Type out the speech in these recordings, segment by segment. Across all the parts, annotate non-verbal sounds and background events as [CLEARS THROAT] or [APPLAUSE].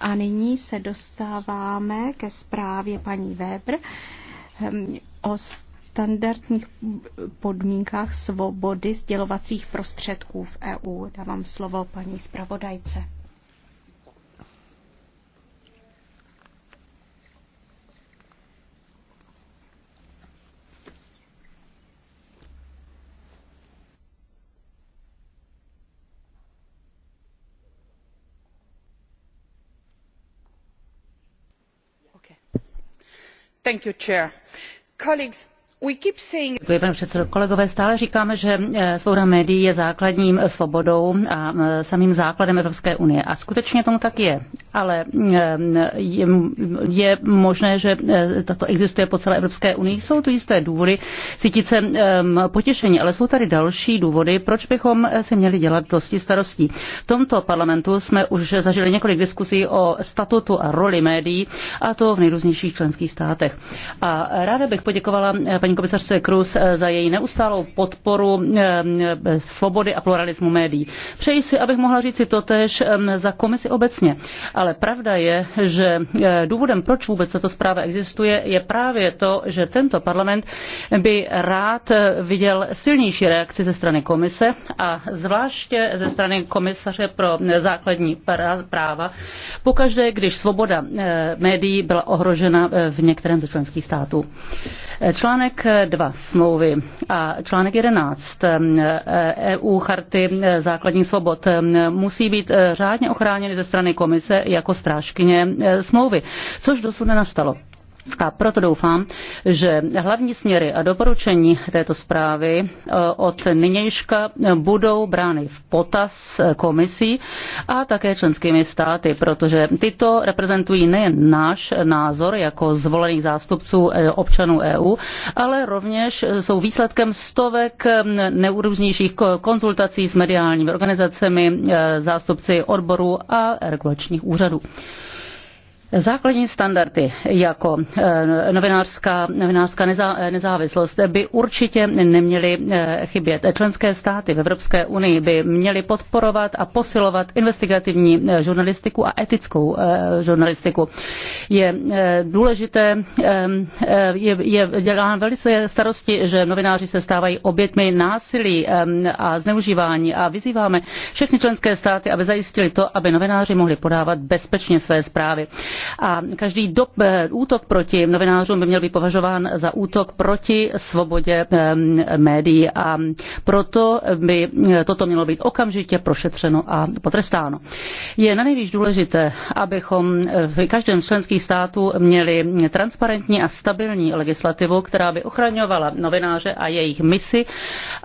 A nyní se dostáváme ke zprávě paní Weber ehm, o standardních podmínkách svobody sdělovacích prostředků v EU. Dávám slovo paní zpravodajce. colleagues the situation in the Děkuji, pane předsedo. Kolegové, stále říkáme, že eh, svoboda médií je základním svobodou a eh, samým základem Evropské unie. A skutečně tomu tak je. Ale eh, je, je možné, že toto existuje po celé Evropské unii. Jsou tu jisté důvody cítit se ehm, potěšení, ale jsou tady další důvody, proč bychom si měli dělat dosti starostí. V tomto parlamentu jsme už zažili několik diskusí o statutu a roli médií, a to v nejrůznějších členských státech. A ráda bych poděkovala paní paní komisařce Cruz eh, za její neustálou podporu eh, eh, svobody a pluralismu médií. Přeji si, abych mohla říct to totež ehm, za komisi obecně. Ale pravda je, že důvodem, proč vůbec tato zpráva existuje, je právě to, že tento parlament by rád viděl silnější reakci ze strany komise a zvláště ze strany komisaře pro základní práva, pokaždé, když svoboda médií byla ohrožena v některém ze členských států. Článek článek 2 smlouvy a článek 11 EU ehm, e charty eh, základních svobod ehm, musí být eh, řádně ochráněny ze strany komise jako strážkyně eh, smlouvy, což dosud nenastalo. A proto doufám, že hlavní směry a doporučení této zprávy eh, od nynějška budou brány v potaz komisí a také členskými státy, protože tyto reprezentují nejen náš názor jako zvolených zástupců eh, občanů EU, ale rovněž jsou výsledkem stovek eh, neurůznějších konzultací s mediálními organizacemi, zástupci odborů a regulačních úřadů. Základní standardy jako eh, novinářská, novinářská nezá, nezávislost by určitě neměly eh, chybět. Členské státy v Evropské unii by měly podporovat a posilovat investigativní eh, žurnalistiku a etickou žurnalistiku. Je důležité, je, je dělán velice starosti, že novináři se stávají obětmi násilí a zneužívání a vyzýváme všechny členské státy, aby zajistili to, aby novináři mohli podávat bezpečně své zprávy. A každý eh, útok proti novinářům by měl být považován za útok proti svobodě eh, médií a proto by eh, toto mělo být okamžitě prošetřeno a potrestáno. Je na nejvíc důležité, abychom v každém z členských států měli transparentní a stabilní legislativu, která by ochraňovala novináře a jejich misi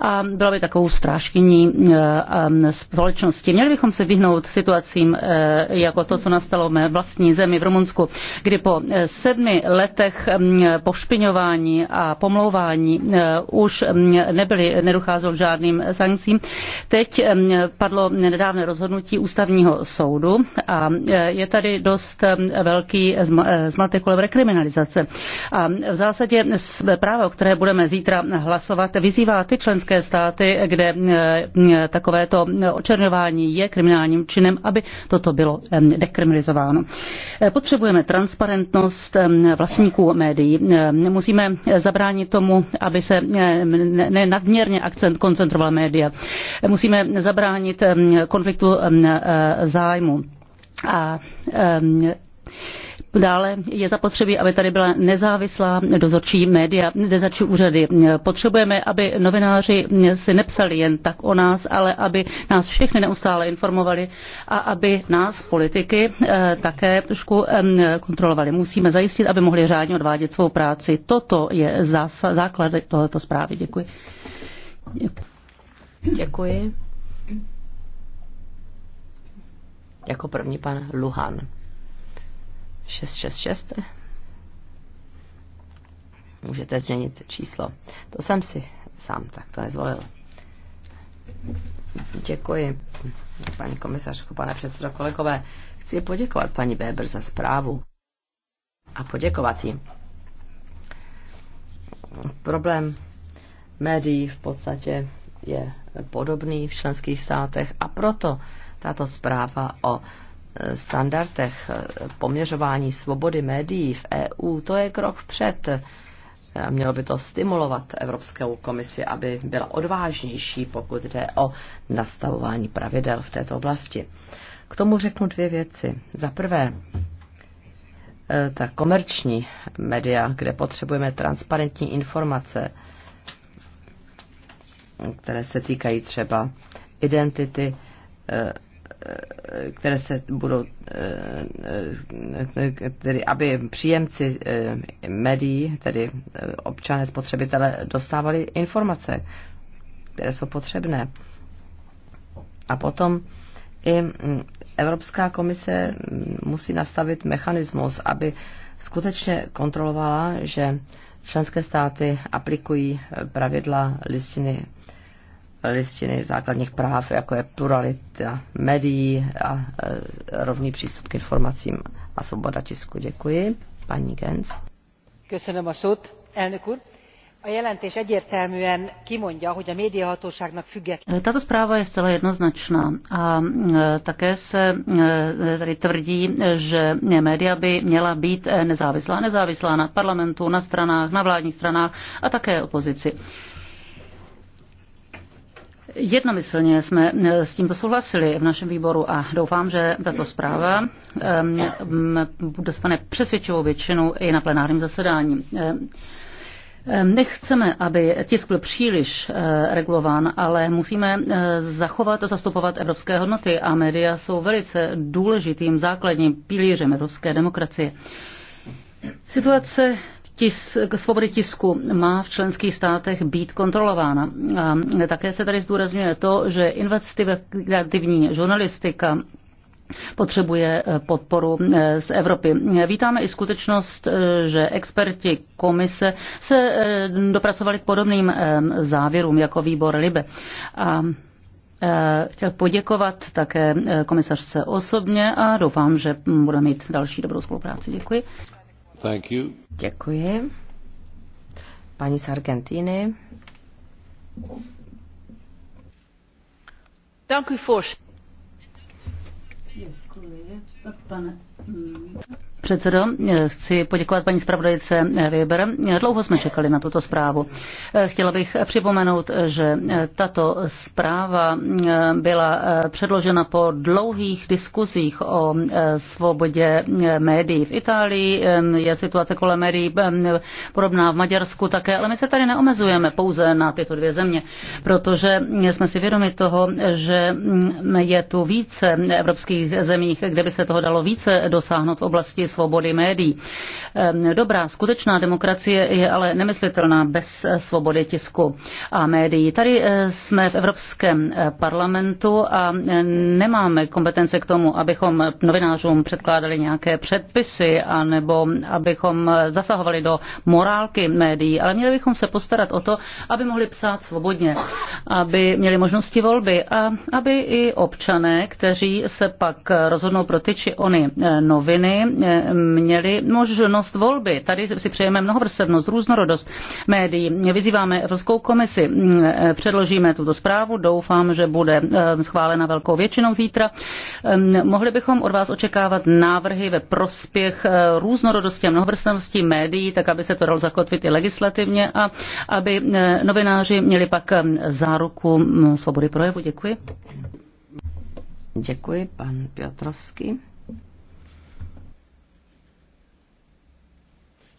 a byla by takovou strážkyní společnosti. Měli bychom se vyhnout situacím jako to, co nastalo v mé vlastní zemi v Rumunsku, kdy po eh, sedmi letech mm, pošpiňování a pomlouvání eh, už mm, nebyly, nedocházelo k žádným sankcím. Teď mm, padlo nedávné rozhodnutí ústavního soudu a eh, je tady dost velký zmatek kolem rekriminalizace. A v zásadě právo, které budeme zítra hlasovat, vyzývá ty členské státy, kde takovéto očerňování je kriminálním činem, aby toto bylo dekriminalizováno. Potřebujeme transparentnost vlastníků médií. Musíme zabránit tomu, aby se ne nadměrně akcent koncentrovala média. Musíme zabránit konfliktu e, zájmu. A Dále je zapotřebí, aby tady byla nezávislá dozorčí média, dozorčí úřady. Potřebujeme, aby novináři si nepsali jen tak o nás, ale aby nás všechny neustále informovali a aby nás, politiky, eh, také trošku kontrolovali. Musíme zajistit, aby mohli řádně odvádět svou práci. Toto je základ tohoto zprávy. Děkuji. Děkuji. Jako první pan Luhan. 666. Můžete změnit číslo. To jsem si sám to nezvolil. Děkuji, paní komisařku, pane předsedo, kolegové. Chci poděkovat paní Weber za zprávu a poděkovat jí. Problém médií v podstatě je podobný v členských státech a proto tato zpráva o standardech poměřování svobody médií v EU, to je krok před. Mělo by to stimulovat Evropskou komisi, aby byla odvážnější, pokud jde o nastavování pravidel v této oblasti. K tomu řeknu dvě věci. Za prvé, eh, ta komerční média, kde potřebujeme transparentní informace, které se týkají třeba identity eh, které se budou, eh, eh, tedy aby příjemci eh, médií, tedy občané, spotřebitele, dostávali informace, které jsou potřebné. A potom i mm, Evropská komise mm, musí nastavit mechanismus, aby skutečně kontrolovala, že členské státy aplikují pravidla listiny listiny základních práv, jako je pluralita médií a e, rovný přístup k informacím a svoboda tisku. Děkuji. Paní Gens. Köszönöm a szót, elnök úr. A jelentés egyértelműen kimondja, hogy a médiahatóságnak független. Tato zpráva je zcela jednoznačná a e, také se e, tady tvrdí, že média by měla být nezávislá. Nezávislá na parlamentu, na stranách, na vládních stranách a také opozici. Jednomyslně jsme eh, s tímto souhlasili v našem výboru a doufám, že tato zpráva ehm, ehm, dostane přesvědčivou většinu i na plenárním zasedání. Ehm, nechceme, aby tisk byl příliš eh, regulován, ale musíme eh, zachovat a zastupovat evropské hodnoty a média jsou velice důležitým základním pilířem evropské demokracie. Situace Tisk, svobody tisku má v členských státech být kontrolována. A také se tady zdůrazňuje to, že investigativní žurnalistika potřebuje eh, podporu eh, z Evropy. Vítáme i skutečnost, eh, že experti komise se dopracovali k podobným závěrům jako výbor Libe. A chtěl poděkovat také komisařce osobně a doufám, že budeme mít další dobrou spolupráci. Děkuji. Thank you. Děkuji. Paní z Argentiny. Dank u voorzitter. Děkuji, pane. Mm předsedo. Eh, chci poděkovat paní zpravodajce Weber. Eh, dlouho jsme čekali na tuto zprávu. Eh, chtěla bych připomenout, že tato zpráva byla předložena po dlouhých diskuzích o svobodě médií v Itálii. Je situace kolem médií podobná v Maďarsku také, ale my se tady neomezujeme pouze na tyto dvě země, protože jsme si vědomi toho, že mm, je tu více evropských zemích, kde by se toho dalo více dosáhnout v oblasti svobody médií. Ehm, dobrá, skutečná demokracie je ale nemyslitelná bez eh, svobody tisku a médií. Tady eh, jsme v Evropském eh, parlamentu a nemáme kompetence k tomu, abychom novinářům předkládali nějaké předpisy anebo abychom zasahovali do morálky médií, ale měli bychom se postarat o to, aby mohli psát svobodně, aby měli možnosti volby a aby i občané, kteří se pak rozhodnou pro ty či ony noviny, měli možnost volby. Tady si přejeme mnohovrstevnost, různorodost médií. Vyzýváme Evropskou komisi, předložíme tuto zprávu, doufám, že bude eh, schválena velkou většinou zítra. Eh, mohli bychom od vás očekávat návrhy ve prospěch eh, různorodosti a mnohovrstevnosti médií, tak aby se to dalo zakotvit i legislativně a aby novináři měli pak záruku hm, svobody projevu. Děkuji. Děkuji, pan Piotrovský.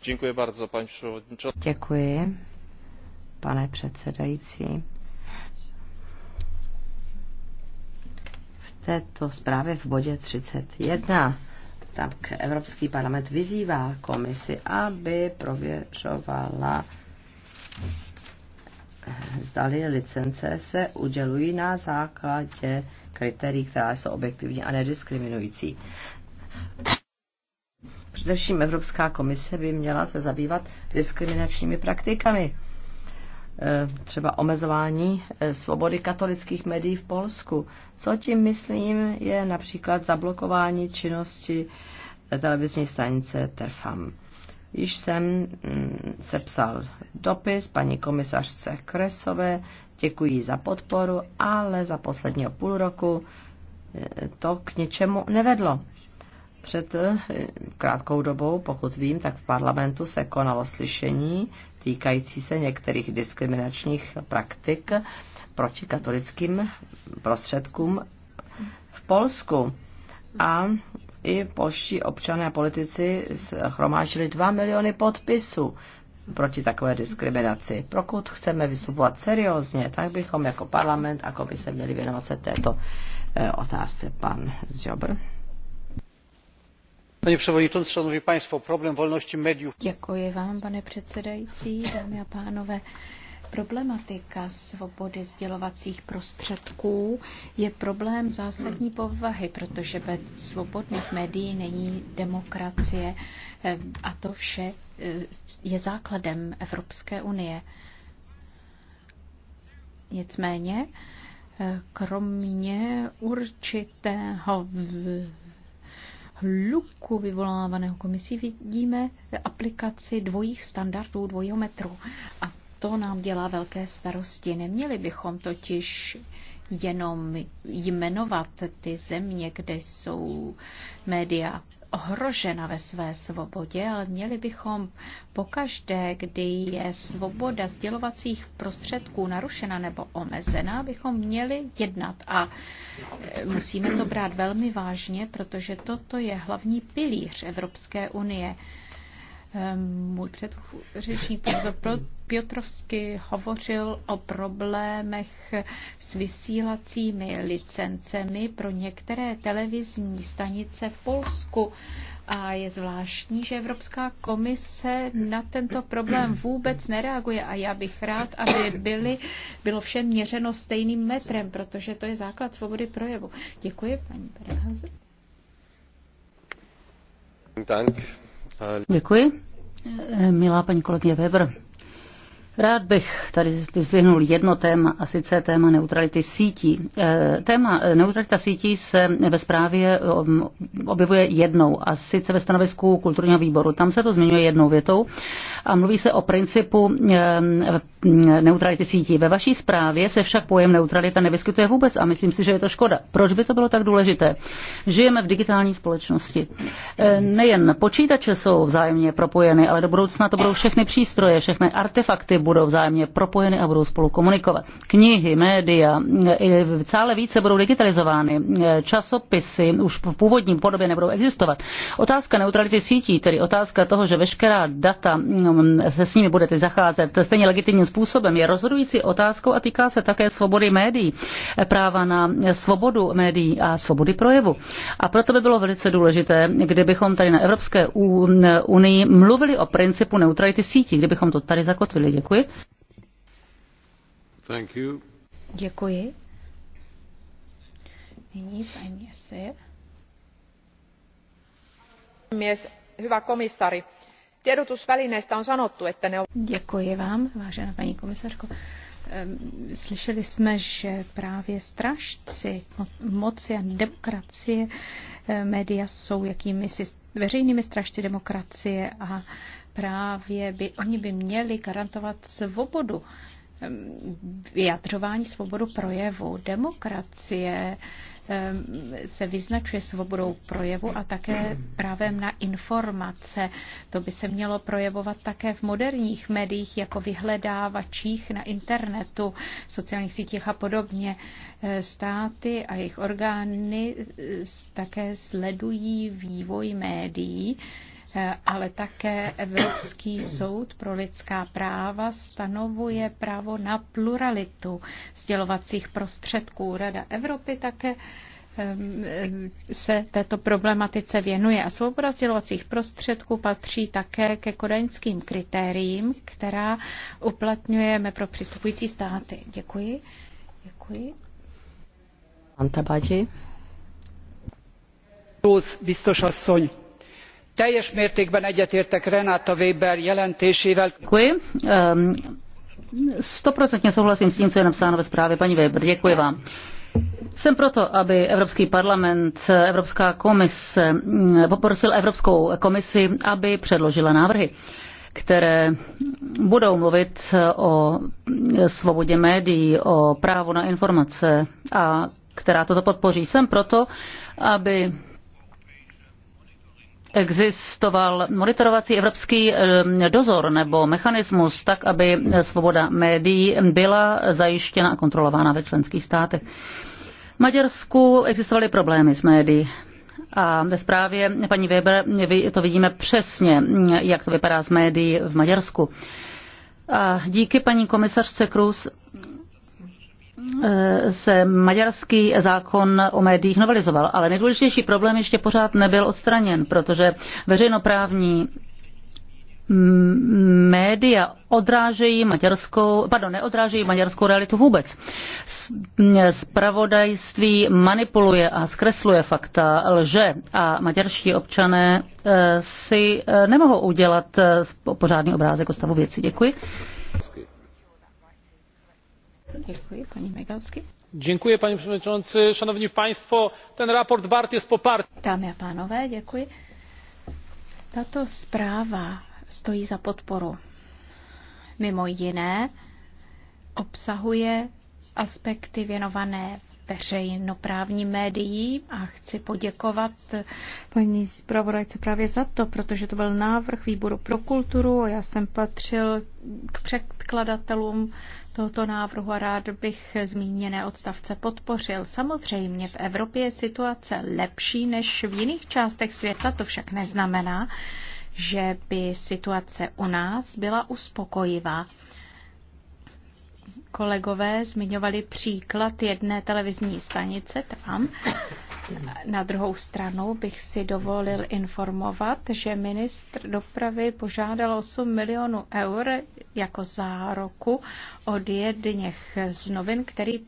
Děkuji Děkuji, pane předsedající. V této zprávě v bodě 31 tak Evropský parlament vyzývá komisi, aby prověřovala zdali licence se udělují na základě kritérií, která jsou objektivní a nediskriminující. Především Evropská komise by měla se zabývat diskriminačními praktikami. Eh, třeba omezování eh, svobody katolických médií v Polsku. Co tím myslím je například zablokování činnosti eh, televizní stanice Tefam. Již jsem mm, sepsal dopis paní komisařce Kresové, děkuji za podporu, ale za posledního půl roku to k něčemu nevedlo. Před eh, krátkou dobou, pokud vím, tak v parlamentu se konalo slyšení týkající se některých diskriminačních praktik proti katolickým prostředkům v Polsku. A i polští občané a politici chromážili 2 miliony podpisů proti takové diskriminaci. Pokud chceme vystupovat seriózně, tak bychom jako parlament a komise měli věnovat se této eh, otázce. Pan Zjobr. Pane předsedající, šanovní państwo, problém volnosti médií. Děkuji vám, pane předsedající, dámy a pánové. Problematika svobody sdělovacích prostředků je problém zásadní povahy, protože bez svobodných médií není demokracie eh, a to vše eh, je základem Evropské unie. Nicméně, eh, kromě určitého hluku vyvolávaného komisí vidíme aplikaci dvojích standardů, dvojího metru. A to nám dělá velké starosti. Neměli bychom totiž jenom jmenovat ty země, kde jsou média ohrožena ve své svobodě, ale měli bychom pokaždé, kdy je svoboda sdělovacích prostředků narušena nebo omezena, bychom měli jednat. A e, musíme to brát velmi vážně, protože toto je hlavní pilíř Evropské unie. Ehm, můj předřečník profesor Piotrovsky hovořil o problémech s vysílacími licencemi pro některé televizní stanice v Polsku. A je zvláštní, že Evropská komise na tento problém vůbec nereaguje a já bych rád, aby byly, bylo vše měřeno stejným metrem, protože to je základ svobody projevu. Děkuji, paní Berghauser. Děkuji. Milá paní kolegyně Weber. Rád bych tady vyzvihnul jedno téma, a sice téma neutrality sítí. Eh, téma eh, neutralita sítí se ve zprávě eh, objevuje jednou, a sice ve stanovisku kulturního výboru. Tam se to zmiňuje jednou větou a mluví se o principu neutrality sítí. Ve vaší zprávě se však pojem neutralita nevyskytuje vůbec a myslím si, že je to škoda. Proč by to bylo tak důležité? Žijeme v digitální společnosti. Nejen počítače jsou vzájemně propojeny, ale do budoucna to budou všechny přístroje, všechny artefakty, budou vzájemně propojeny a budou spolu komunikovat. Knihy, média, celé více budou digitalizovány, časopisy už v původním podobě nebudou existovat. Otázka neutrality sítí, tedy otázka toho, že veškerá data mm, se s nimi budete zacházet stejně legitimním způsobem, je rozhodující otázkou a týká se také svobody médií, práva na svobodu médií a svobody projevu. A proto by bylo velice důležité, kdybychom tady na Evropské unii mluvili o principu neutrality sítí, kdybychom to tady zakotvili. Děkuji. Děkuji. Thank you. Děkuji. Nyní paní Asir. Mies, hyvä komissari. Tiedotusvälineistä on sanottu, että ne on... Děkuji vám, vážená paní komisarko. Ehm, slyšeli jsme, že právě strašci moci a demokracie ehm, média jsou jakými si veřejnými strašci demokracie a právě by, oni by měli garantovat svobodu ehm, vyjadřování svobodu projevu. Demokracie ehm, se vyznačuje svobodou projevu a také právem na informace. To by se mělo projevovat také v moderních médiích, jako vyhledávačích na internetu, sociálních sítích a podobně. Eh, státy a jejich orgány eh, také sledují vývoj médií ale také Evropský soud pro lidská práva stanovuje právo na pluralitu sdělovacích prostředků. Rada Evropy také se této problematice věnuje. A svoboda sdělovacích prostředků patří také ke kodaňským kritériím, která uplatňujeme pro přistupující státy. Děkuji. Děkuji. Antabadži. Baji. biztos asszony, teljes mértékben egyetértek renate Weber jelentésével. Ehm, stoprocentně souhlasím s tím, co je napsáno ve zprávě. Paní Weber, děkuji vám. Jsem proto, aby Evropský parlament, Evropská komise mm, poprosil Evropskou komisi, aby předložila návrhy které budou mluvit o svobodě médií, o právu na informace a která toto podpoří. Jsem proto, aby existoval monitorovací evropský dozor nebo mechanismus tak, aby svoboda médií byla zajištěna a kontrolována ve členských státech. V Maďarsku existovaly problémy s médií. A ve zprávě paní Weber to vidíme přesně, jak to vypadá s médií v Maďarsku. A díky paní komisařce Cruz Eh, se maďarský zákon o médiích novelizoval, ale nejdůležitější problém ještě pořád nebyl odstraněn, protože veřejnoprávní média odrážejí maďarskou, pardon, neodrážejí maďarskou realitu vůbec. Spravodajství manipuluje a zkresluje fakta, lže a maďarští občané eh, si eh, nemohou udělat pořádný obrázek o stavu věci. Děkuji. Děkuji, paní Megalsky. Děkuji, paní předsedající. Šanovní państwo, ten raport wart jest poparty. Dámy a pánové, děkuji. Tato zpráva stojí za podporu. Mimo jiné obsahuje aspekty věnované veřejnoprávní médií a chci poděkovat paní zpravodajce právě za to, protože to byl návrh výboru pro kulturu a já jsem patřil k předkladatelům tohoto návrhu a rád bych zmíněné odstavce podpořil. Samozřejmě v Evropě je situace lepší než v jiných částech světa, to však neznamená, že by situace u nás byla uspokojivá kolegové zmiňovali příklad jedné televizní stanice tam. Na druhou stranu bych si dovolil informovat, že ministr dopravy požádal 8 milionů eur jako zároku od jedněch z novin, který,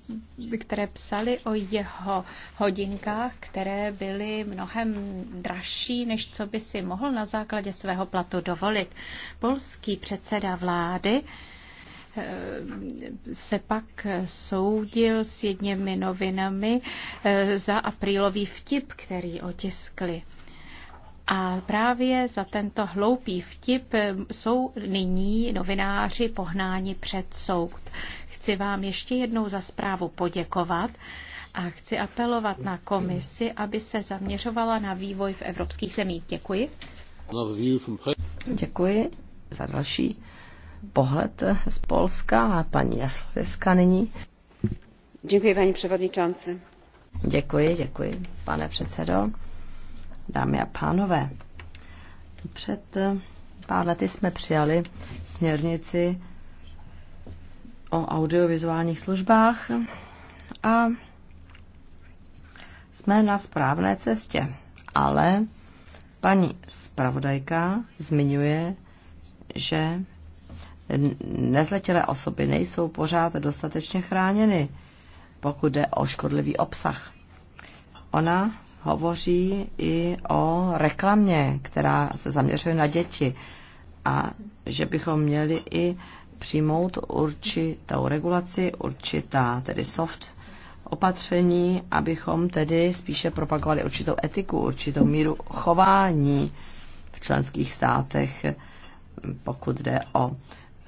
které psali o jeho hodinkách, které byly mnohem dražší, než co by si mohl na základě svého platu dovolit. Polský předseda vlády Eh, se pak soudil s jedněmi novinami eh, za aprílový vtip, který otiskli. A právě za tento hloupý vtip eh, jsou nyní novináři pohnáni před soud. Chci vám ještě jednou za zprávu poděkovat a chci apelovat na komisi, aby se zaměřovala na vývoj v evropských zemích. Děkuji. Děkuji za další pohled z Polska a paní Jasověska nyní. Děkuji, paní předsedající. Děkuji, děkuji, pane předsedo. Dámy a pánové, před eh, pár lety jsme přijali směrnici o audiovizuálních službách a jsme na správné cestě, ale paní zpravodajka zmiňuje, že nezletilé osoby nejsou pořád dostatečně chráněny, pokud jde o škodlivý obsah. Ona hovoří i o reklamě, která se zaměřuje na děti a že bychom měli i přijmout určitou regulaci, určitá tedy soft opatření, abychom tedy spíše propagovali určitou etiku, určitou míru chování v členských státech, pokud jde o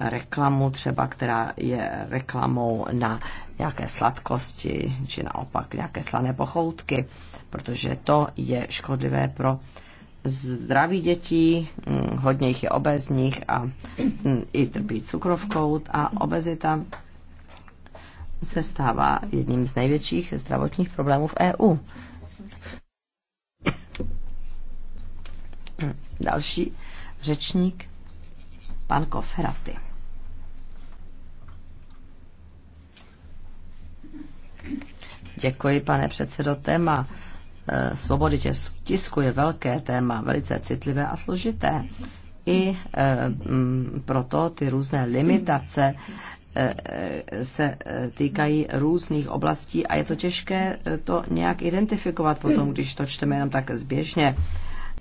reklamu třeba, která je reklamou na nějaké sladkosti či naopak nějaké slané pochoutky, protože to je škodlivé pro zdraví dětí, hm, hodně jich je obezních a hm, i trpí cukrovkou a obezita se stává jedním z největších zdravotních problémů v EU. Hm, další řečník, pan Koferaty. Děkuji, pane předsedo. Téma eh, svobody tisku je velké téma, velice citlivé a složité. I eh, mm, proto ty různé limitace eh, se týkají různých oblastí a je to těžké to nějak identifikovat potom, když to čteme jenom tak zběžně.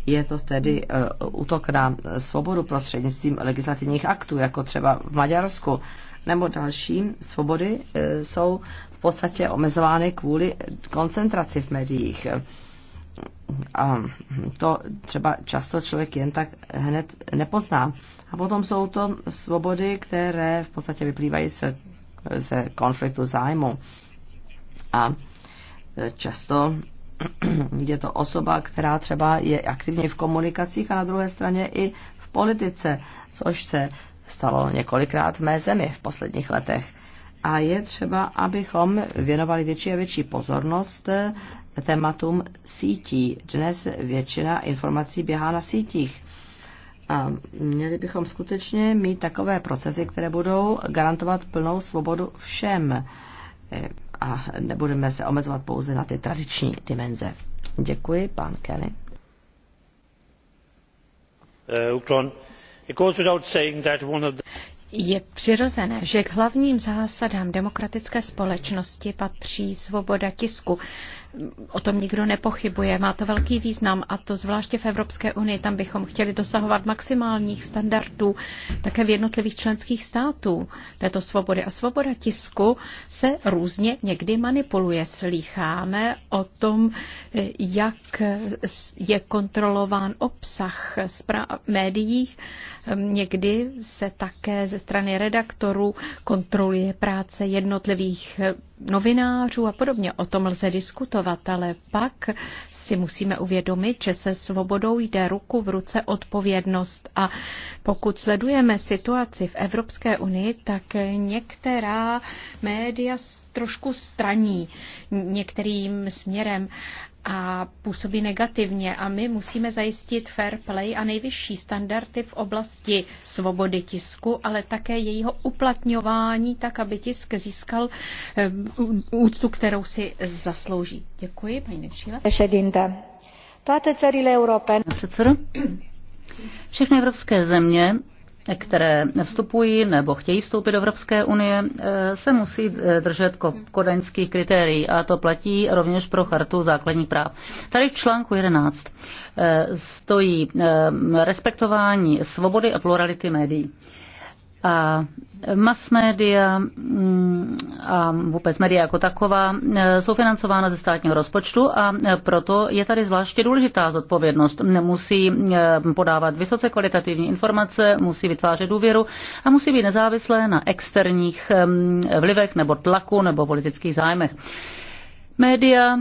Je to tedy útok na svobodu prostřednictvím legislativních aktů, jako třeba v Maďarsku nebo další svobody e, jsou v podstatě omezovány kvůli koncentraci v médiích. A to třeba často člověk jen tak hned nepozná. A potom jsou to svobody, které v podstatě vyplývají se, se konfliktu zájmu. A často [CLEARS THROAT] je to osoba, která třeba je aktivně v komunikacích a na druhé straně i v politice, což se stalo několikrát v mé zemi v posledních letech. A je třeba, abychom věnovali větší a větší pozornost eh, tématům sítí. Dnes většina informací běhá na sítích. A měli bychom skutečně mít takové procesy, které budou garantovat plnou svobodu všem. Eh, a nebudeme se omezovat pouze na ty tradiční dimenze. Děkuji, pán Kelly. Uh, je přirozené, že k hlavním zásadám demokratické společnosti patří svoboda tisku. O tom nikdo nepochybuje. Má to velký význam a to zvláště v Evropské unii. Tam bychom chtěli dosahovat maximálních standardů také v jednotlivých členských států této svobody. A svoboda tisku se různě někdy manipuluje. Slycháme o tom, jak je kontrolován obsah médií. Někdy se také ze strany redaktorů kontroluje práce jednotlivých novinářů a podobně. O tom lze diskutovat pracovat, ale pak si musíme uvědomit, že se svobodou jde ruku v ruce odpovědnost. A pokud sledujeme situaci v Evropské unii, tak některá média trošku straní některým směrem a působí negativně a my musíme zajistit fair play a nejvyšší standardy v oblasti svobody tisku, ale také jejího uplatňování tak, aby tisk získal eh, úctu, kterou si zaslouží. Děkuji, paní Nevšíle. Toate țările europene. Všechny evropské země které vstupují nebo chtějí vstoupit do Evropské unie, eh, se musí eh, držet kodaňských kritérií a to platí rovněž pro chartu základních práv. Tady v článku 11 eh, stojí respektování svobody a plurality médií a mass media mm, a vůbec média jako taková e, jsou financována ze státního rozpočtu a e, proto je tady zvláště důležitá zodpovědnost. Musí e, podávat vysoce kvalitativní informace, musí vytvářet důvěru a musí být nezávislé na externích vlivech nebo tlaku nebo politických zájmech. Média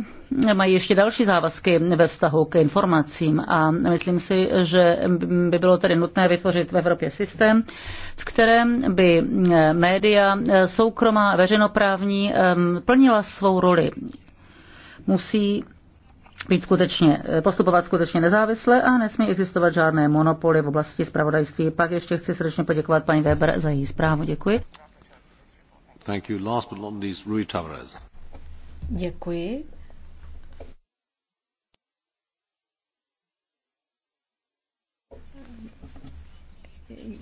mají ještě další závazky ve vztahu k informacím a myslím si, že by bylo tedy nutné vytvořit v Evropě systém, v kterém by média soukromá veřejnoprávní plnila svou roli. Musí být skutečně, postupovat skutečně nezávisle a nesmí existovat žádné monopoly v oblasti zpravodajství. Pak ještě chci srdečně poděkovat paní Weber za její zprávu. Děkuji. Thank you. Last but not least, Rui Tavares. Děkuji.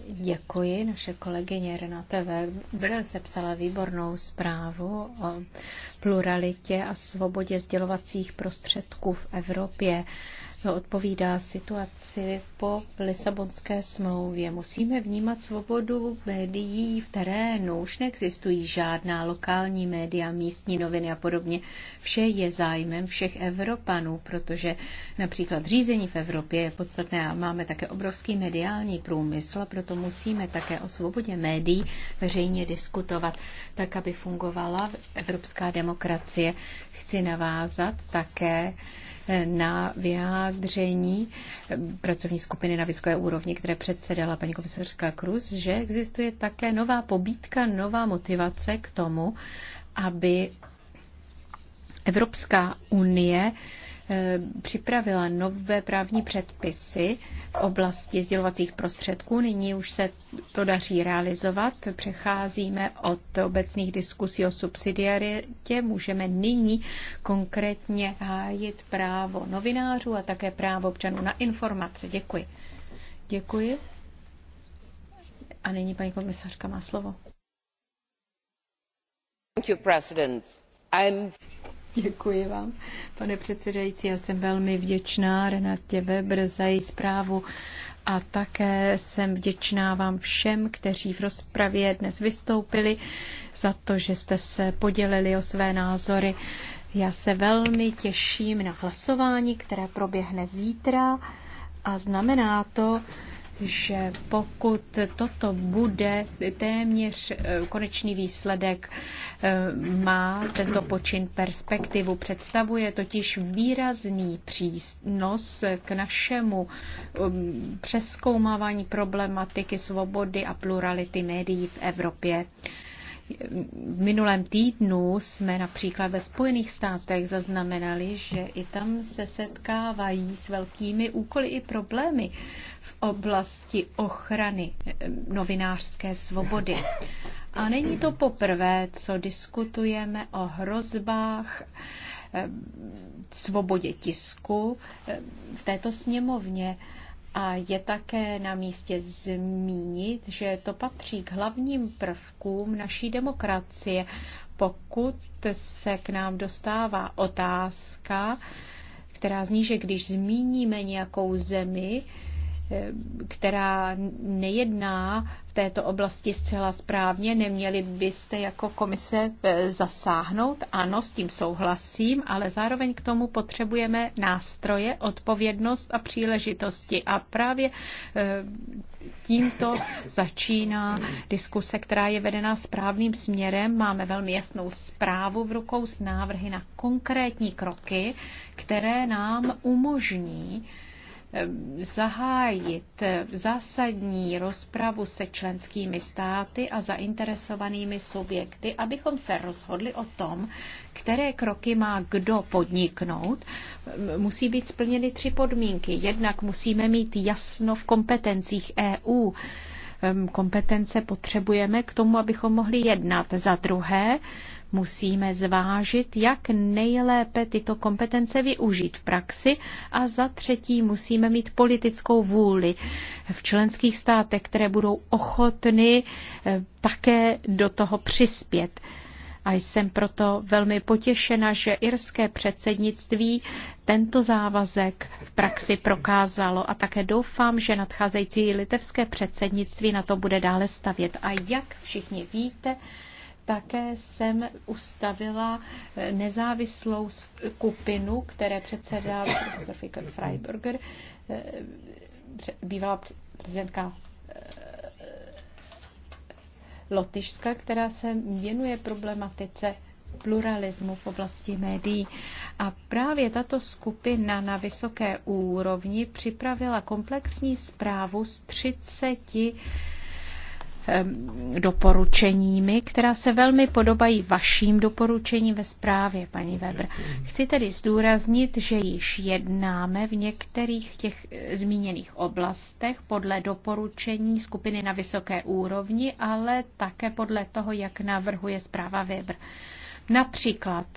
Děkuji. Naše kolegyně Renate Weber sepsala výbornou zprávu o pluralitě a svobodě sdělovacích prostředků v Evropě to odpovídá situaci po Lisabonské smlouvě. Musíme vnímat svobodu médií v terénu. Už neexistují žádná lokální média, místní noviny a podobně. Vše je zájmem všech Evropanů, protože například řízení v Evropě je podstatné a máme také obrovský mediální průmysl, a proto musíme také o svobodě médií veřejně diskutovat, tak aby fungovala evropská demokracie. Chci navázat také na vyjádření pracovní skupiny na vysoké úrovni, které předsedala paní komisařka Krus, že existuje také nová pobítka, nová motivace k tomu, aby Evropská unie Eh, připravila nové právní předpisy v oblasti sdělovacích prostředků. Nyní už se to daří realizovat. Přecházíme od obecných diskusí o subsidiaritě. Můžeme nyní konkrétně hájit právo novinářů a také právo občanů na informace. Děkuji. Děkuji. A nyní paní komisařka má slovo. You, Děkuji vám, pane předsedající. Já jsem velmi vděčná Renatě Weber za její zprávu a také jsem vděčná vám všem, kteří v rozpravě dnes vystoupili za to, že jste se podělili o své názory. Já se velmi těším na hlasování, které proběhne zítra a znamená to, že pokud toto bude téměř eh, konečný výsledek, eh, má tento počin perspektivu. Představuje totiž výrazný přínos k našemu um, přeskoumávání problematiky svobody a plurality médií v Evropě. V minulém týdnu jsme například ve Spojených státech zaznamenali, že i tam se setkávají s velkými úkoly i problémy v oblasti ochrany eh, novinářské svobody. A není to poprvé, co diskutujeme o hrozbách eh, svobodě tisku eh, v této sněmovně. A je také na místě zmínit, že to patří k hlavním prvkům naší demokracie. Pokud se k nám dostává otázka, která zní, že když zmíníme nějakou zemi, která nejedná v této oblasti zcela správně, neměli byste jako komise eh, zasáhnout? Ano, s tím souhlasím, ale zároveň k tomu potřebujeme nástroje, odpovědnost a příležitosti. A právě eh, tímto začíná diskuse, která je vedená správným směrem. Máme velmi jasnou zprávu v rukou s návrhy na konkrétní kroky, které nám umožní zahájit zásadní rozpravu se členskými státy a zainteresovanými subjekty, abychom se rozhodli o tom, které kroky má kdo podniknout. Musí být splněny tři podmínky. Jednak musíme mít jasno v kompetencích EU. Ehm, kompetence potřebujeme k tomu, abychom mohli jednat. Za druhé, Musíme zvážit, jak nejlépe tyto kompetence využít v praxi a za třetí musíme mít politickou vůli v členských státech, které budou ochotny eh, také do toho přispět. A jsem proto velmi potěšena, že irské předsednictví tento závazek v praxi prokázalo a také doufám, že nadcházející litevské předsednictví na to bude dále stavět. A jak všichni víte, také jsem ustavila nezávislou skupinu, které předsedal profesor Ficker Freiberger, eh, bývalá prezidentka eh, Lotyšska, která se věnuje problematice pluralismu v oblasti médií. A právě tato skupina na vysoké úrovni připravila komplexní zprávu z 30 Ehm, doporučeními, která se velmi podobají vaším doporučením ve zprávě, paní Weber. Chci tedy zdůraznit, že již jednáme v některých těch eh, zmíněných oblastech podle doporučení skupiny na vysoké úrovni, ale také podle toho, jak navrhuje zpráva Weber. Například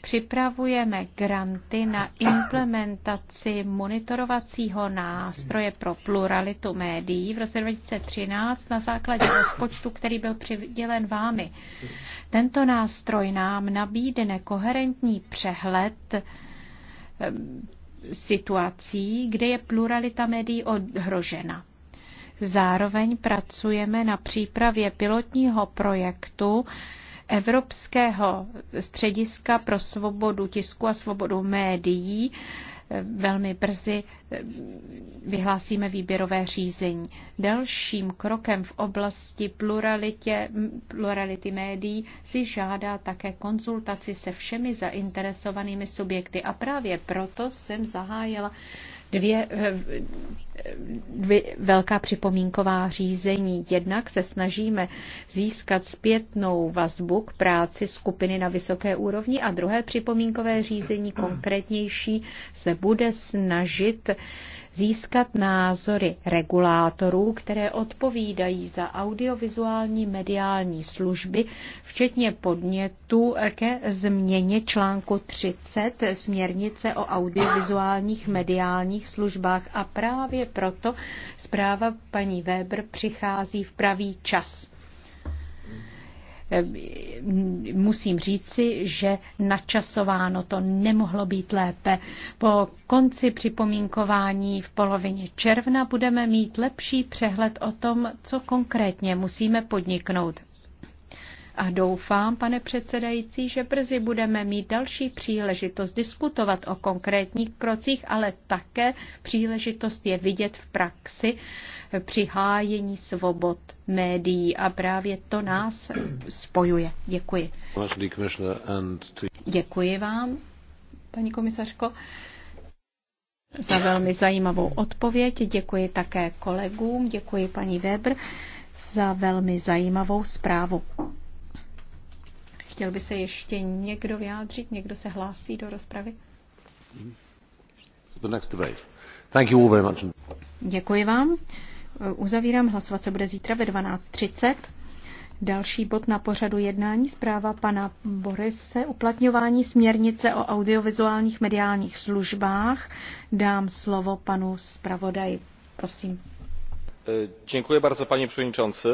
připravujeme granty na implementaci monitorovacího nástroje pro pluralitu médií v roce 2013 na základě rozpočtu, který byl přidělen vámi. Tento nástroj nám nabídne koherentní přehled ehm, situací, kde je pluralita médií ohrožena. Zároveň pracujeme na přípravě pilotního projektu, Evropského střediska pro svobodu tisku a svobodu médií velmi brzy vyhlásíme výběrové řízení. Dalším krokem v oblasti pluralitě, plurality médií si žádá také konzultaci se všemi zainteresovanými subjekty a právě proto jsem zahájila dvě, eh, dvě velká připomínková řízení. Jednak se snažíme získat zpětnou vazbu k práci skupiny na vysoké úrovni a druhé připomínkové řízení konkrétnější se bude snažit získat názory regulátorů, které odpovídají za audiovizuální mediální služby, včetně podnětu ke změně článku 30 směrnice o audiovizuálních mediálních službách. A právě proto zpráva paní Weber přichází v pravý čas. Ehm, musím říci, že načasováno to nemohlo být lépe. Po konci připomínkování v polovině června budeme mít lepší přehled o tom, co konkrétně musíme podniknout a doufám, pane předsedající, že brzy budeme mít další příležitost diskutovat o konkrétních krocích, ale také příležitost je vidět v praxi při hájení svobod médií a právě to nás spojuje. Děkuji. Děkuji vám, paní komisařko za velmi zajímavou odpověď. Děkuji také kolegům, děkuji paní Weber za velmi zajímavou zprávu. Chtěl by se ještě někdo vyjádřit? Někdo se hlásí do rozpravy? The next Thank you all very much. Děkuji vám. Uzavírám. Hlasovat se bude zítra ve 12.30. Další bod na pořadu jednání zpráva pana Borise, uplatňování směrnice o audiovizuálních mediálních službách. Dám slovo panu zpravodaji. Prosím. Děkuji bardzo, panie przewodniczący.